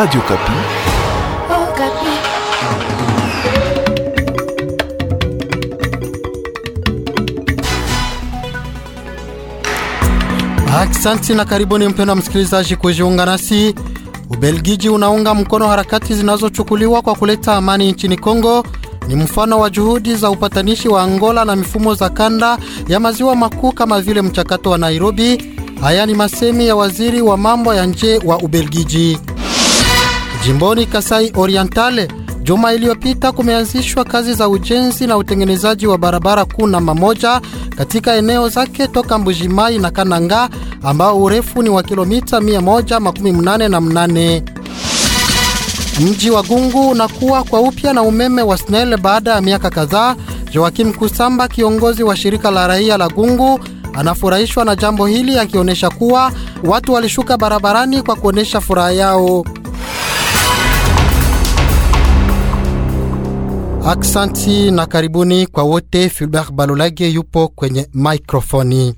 Radio Kapi. Oh, Kapi. Aksanti na karibuni mpendwa msikilizaji kujiunga nasi. Ubelgiji unaunga mkono harakati zinazochukuliwa kwa kuleta amani nchini Kongo. Ni mfano wa juhudi za upatanishi wa Angola na mifumo za kanda ya maziwa makuu kama vile mchakato wa Nairobi. Haya ni masemi ya waziri wa mambo ya nje wa Ubelgiji. Jimboni Kasai Orientale, juma iliyopita kumeanzishwa kazi za ujenzi na utengenezaji wa barabara kuu namba moja katika eneo zake toka Mbujimai na Kananga ambao urefu ni wa kilomita 188. Mji wa Gungu unakuwa kwa upya na umeme wa SNEL baada ya miaka kadhaa. Joakim Kusamba, kiongozi wa shirika la raia la Gungu, anafurahishwa na jambo hili akionyesha kuwa watu walishuka barabarani kwa kuonyesha furaha yao. Aksanti na karibuni kwa wote. Filbert Balolage yupo kwenye mikrofoni.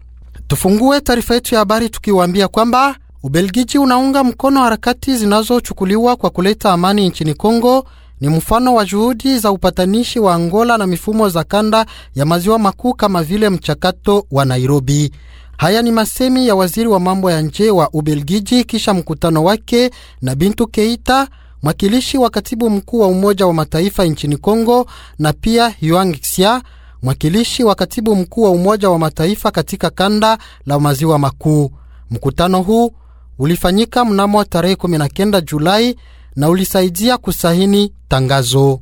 Tufungue taarifa yetu ya habari tukiwaambia kwamba Ubelgiji unaunga mkono harakati zinazochukuliwa kwa kuleta amani nchini Kongo. Ni mfano wa juhudi za upatanishi wa Angola na mifumo za kanda ya maziwa makuu kama vile mchakato wa Nairobi. Haya ni masemi ya waziri wa mambo ya nje wa Ubelgiji kisha mkutano wake na Bintu Keita mwakilishi wa katibu mkuu wa Umoja wa Mataifa nchini Kongo na pia Yuang Xia, mwakilishi wa katibu mkuu wa Umoja wa Mataifa katika kanda la maziwa makuu. Mkutano huu ulifanyika mnamo tarehe 19 Julai na ulisaidia kusahini tangazo.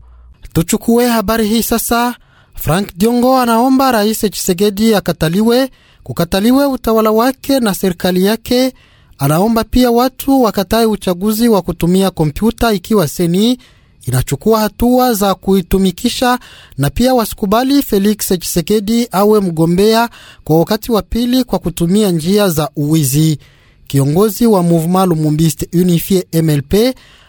Tuchukue habari hii sasa. Frank Diongo anaomba Rais chisegedi akataliwe kukataliwe utawala wake na serikali yake Anaomba pia watu wakatae uchaguzi wa kutumia kompyuta ikiwa seni inachukua hatua za kuitumikisha na pia wasikubali Felix chisekedi awe mgombea kwa wakati wa pili kwa kutumia njia za uwizi. Kiongozi wa Mouvement Lumumbiste Unifie MLP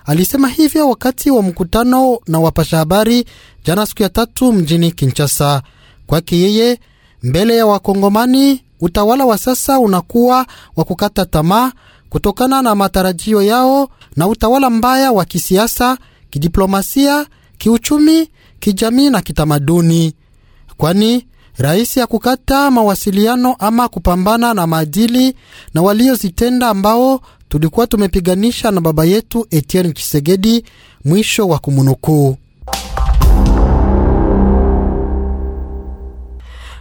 alisema hivyo wakati wa mkutano na wapasha habari jana siku ya tatu mjini Kinshasa. Kwake yeye, mbele ya Wakongomani Utawala wa sasa unakuwa wa kukata tamaa kutokana na matarajio yao na utawala mbaya wa kisiasa, kidiplomasia, kiuchumi, kijamii na kitamaduni, kwani rais ya kukata mawasiliano ama kupambana na maadili na waliozitenda ambao tulikuwa tumepiganisha na baba yetu Etienne chisegedi Mwisho wa kumunukuu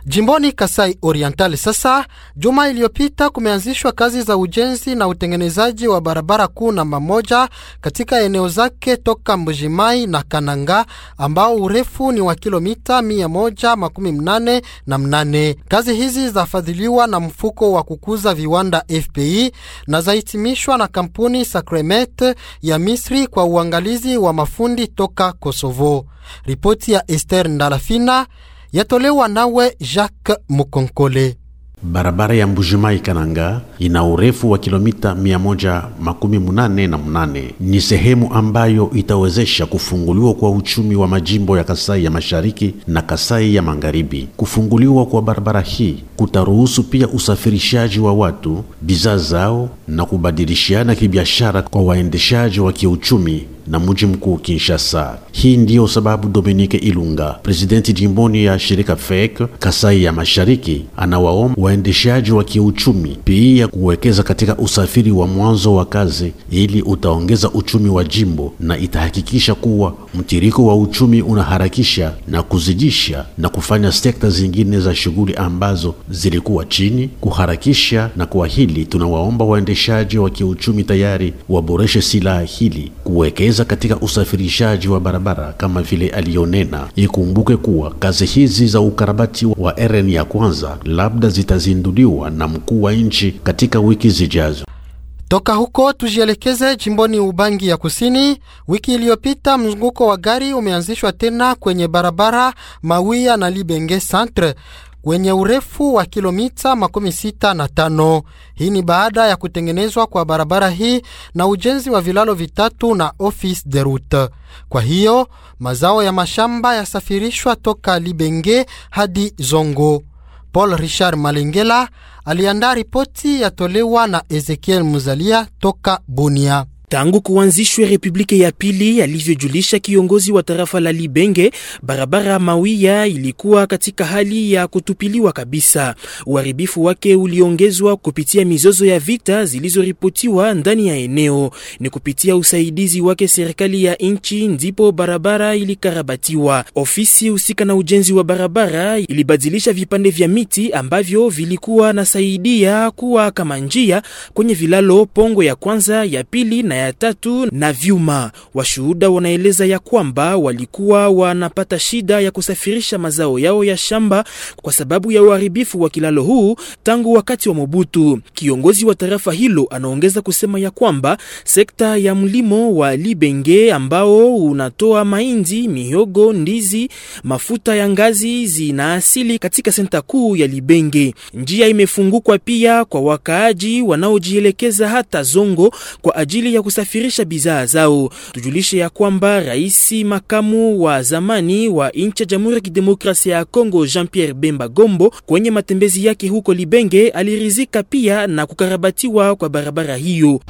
Jimboni Kasai Oriental sasa, juma iliyopita kumeanzishwa kazi za ujenzi na utengenezaji wa barabara kuu namba moja katika eneo zake toka Mbujimai na Kananga ambao urefu ni wa kilomita 118 na mnane. Kazi hizi zafadhiliwa na mfuko wa kukuza viwanda FPI na zahitimishwa na kampuni Sacremet ya Misri kwa uangalizi wa mafundi toka Kosovo. Ripoti ya Esther Ndalafina yatolewa nawe Jacques Mukonkole. Barabara ya Mbujimai Kananga ina urefu wa kilomita 188. Ni sehemu ambayo itawezesha kufunguliwa kwa uchumi wa majimbo ya Kasai ya Mashariki na Kasai ya Magharibi. Kufunguliwa kwa barabara hii kutaruhusu pia usafirishaji wa watu, bidhaa zao na kubadilishana kibiashara kwa waendeshaji wa kiuchumi na mji mkuu Kinshasa. Hii ndiyo sababu Dominique Ilunga, presidenti jimboni ya shirika FEC Kasai ya Mashariki, anawaomba waendeshaji wa kiuchumi pia kuwekeza katika usafiri wa mwanzo wa kazi, ili utaongeza uchumi wa jimbo na itahakikisha kuwa mtiriko wa uchumi unaharakisha na kuzidisha na kufanya sekta zingine za shughuli ambazo zilikuwa chini kuharakisha. Na kwa hili tunawaomba waendeshaji wa kiuchumi tayari waboreshe silaha hili kuwekeza kuwekeza katika usafirishaji wa barabara kama vile aliyonena. Ikumbuke kuwa kazi hizi za ukarabati wa RN ya kwanza labda zitazinduliwa na mkuu wa nchi katika wiki zijazo. Toka huko tujielekeze jimboni Ubangi ya Kusini. Wiki iliyopita mzunguko wa gari umeanzishwa tena kwenye barabara Mawia na Libenge Centre kwenye urefu wa kilomita makumi sita na tano. Hii ni baada ya kutengenezwa kwa barabara hii na ujenzi wa vilalo vitatu na office de route. Kwa hiyo mazao ya mashamba yasafirishwa toka Libenge hadi Zongo. Paul Richard Malengela aliandaa ripoti yatolewa na Ezekiel Muzalia toka Bunia. Tangu kuanzishwe Republiki ya pili, alivyojulisha kiongozi wa tarafa la Libenge, barabara Mawia ilikuwa katika hali ya kutupiliwa kabisa. Uharibifu wake uliongezwa kupitia mizozo ya vita zilizoripotiwa ndani ya eneo. Ni kupitia usaidizi wake serikali ya nchi ndipo barabara ilikarabatiwa. Ofisi husika na ujenzi wa barabara ilibadilisha vipande vya miti ambavyo vilikuwa nasaidia kuwa kama njia kwenye vilalo Pongo ya kwanza, ya pili na ya tatu na vyuma. Washuhuda wanaeleza ya kwamba walikuwa wanapata shida ya kusafirisha mazao yao ya shamba kwa sababu ya uharibifu wa kilalo huu tangu wakati wa Mobutu. Kiongozi wa tarafa hilo anaongeza kusema ya kwamba sekta ya mlimo wa Libenge ambao unatoa mahindi, mihogo, ndizi, mafuta ya ngazi zinaasili katika senta kuu ya Libenge. Njia imefungukwa pia kwa wakaaji wanaojielekeza hata Zongo kwa ajili ya kusafirisha bidhaa zao. Tujulishe ya kwamba rais makamu wa zamani wa nchi ya Jamhuri ya Kidemokrasia ya Kongo Jean-Pierre Bemba Gombo kwenye matembezi yake huko Libenge alirizika pia na kukarabatiwa kwa barabara hiyo.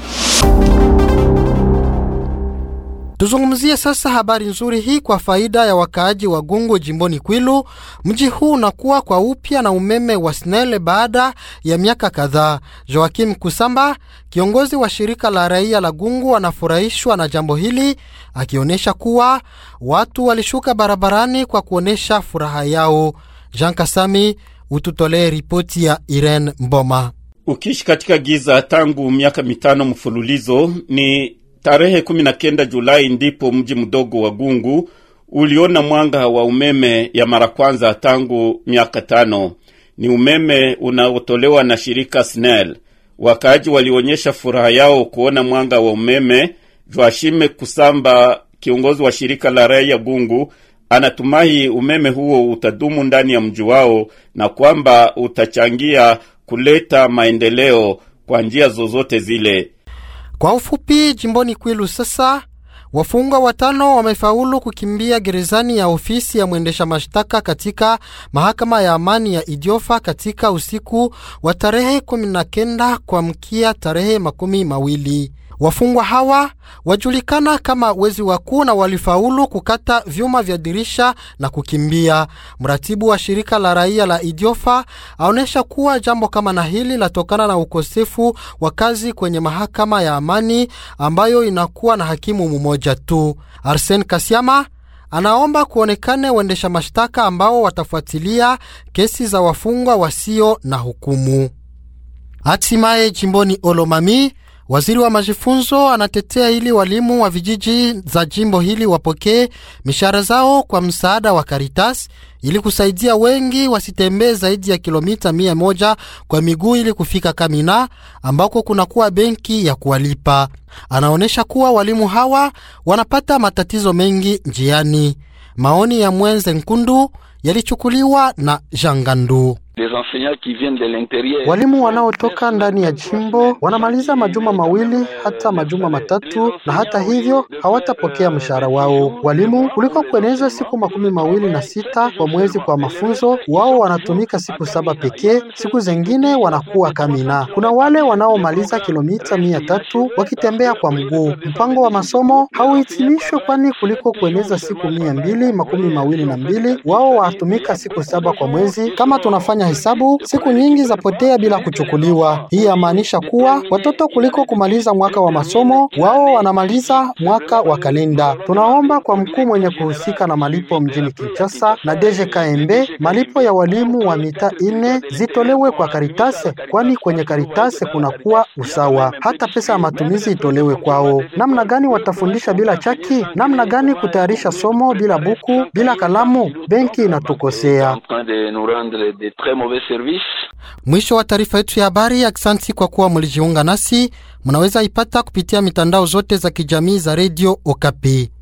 Tuzungumzie sasa habari nzuri hii kwa faida ya wakaaji wa Gungu jimboni Kwilu. Mji huu unakuwa kwa upya na umeme wa SNEL baada ya miaka kadhaa. Joakim Kusamba, kiongozi wa shirika la raia la Gungu, anafurahishwa na jambo hili, akionyesha kuwa watu walishuka barabarani kwa kuonyesha furaha yao. Jean Kasami, ututolee ripoti ya Irene Mboma. Ukiishi katika giza tangu miaka mitano mfululizo, ni Tarehe 19 Julai ndipo mji mdogo wa Gungu uliona mwanga wa umeme ya mara kwanza tangu miaka tano. Ni umeme unaotolewa na shirika SNEL. Wakaaji walionyesha furaha yao kuona mwanga wa umeme. Joashime Kusamba, kiongozi wa shirika la raia Gungu, anatumai umeme huo utadumu ndani ya mji wao na kwamba utachangia kuleta maendeleo kwa njia zozote zile. Kwa ufupi, jimboni Kwilu sasa wafungwa watano wamefaulu kukimbia gerezani ya ofisi ya mwendesha mashtaka katika mahakama ya amani ya Idiofa katika usiku wa tarehe 19 kwa mkia tarehe makumi mawili. Wafungwa hawa wajulikana kama wezi wakuu na walifaulu kukata vyuma vya dirisha na kukimbia. Mratibu wa shirika la raia la Idiofa aonyesha kuwa jambo kama na hili latokana na ukosefu wa kazi kwenye mahakama ya amani ambayo inakuwa na hakimu mmoja tu. Arsen Kasiama anaomba kuonekane waendesha mashtaka ambao watafuatilia kesi za wafungwa wasio na hukumu. Hatimaye jimboni Olomami Waziri wa majifunzo anatetea ili walimu wa vijiji za jimbo hili wapokee mishahara zao kwa msaada wa Karitas ili kusaidia wengi wasitembee zaidi ya kilomita mia moja kwa miguu ili kufika Kamina ambako kunakuwa benki ya kuwalipa. Anaonyesha kuwa walimu hawa wanapata matatizo mengi njiani. Maoni ya Mwenze Nkundu yalichukuliwa na Jangandu. Walimu wanaotoka ndani ya jimbo wanamaliza majuma mawili hata majuma matatu, na hata hivyo hawatapokea mshahara wao. Walimu kuliko kueneza siku makumi mawili na sita kwa mwezi kwa mafunzo, wao wanatumika siku saba pekee, siku zengine wanakuwa kamina. Kuna wale wanaomaliza kilomita mia tatu wakitembea kwa mguu. Mpango wa masomo hauhitimishwe, kwani kuliko kueneza siku mia mbili makumi mawili na mbili, wao wanatumika siku saba kwa mwezi kama tunafanya kufanya hesabu, siku nyingi zapotea bila kuchukuliwa. Hii yamaanisha kuwa watoto kuliko kumaliza mwaka wa masomo, wao wanamaliza mwaka wa kalenda. Tunaomba kwa mkuu mwenye kuhusika na malipo mjini Kinshasa na DGKMB, malipo ya walimu wa mitaa ine zitolewe kwa Karitase, kwani kwenye Karitase kunakuwa usawa. Hata pesa ya matumizi itolewe kwao. Namna gani watafundisha bila chaki? Namna gani kutayarisha somo bila buku, bila kalamu? Benki inatukosea très mauvais service. Mwisho wa taarifa yetu ya habari. Aksanti kwa kuwa mlijiunga nasi, mnaweza ipata kupitia mitandao zote za kijamii za Radio Okapi.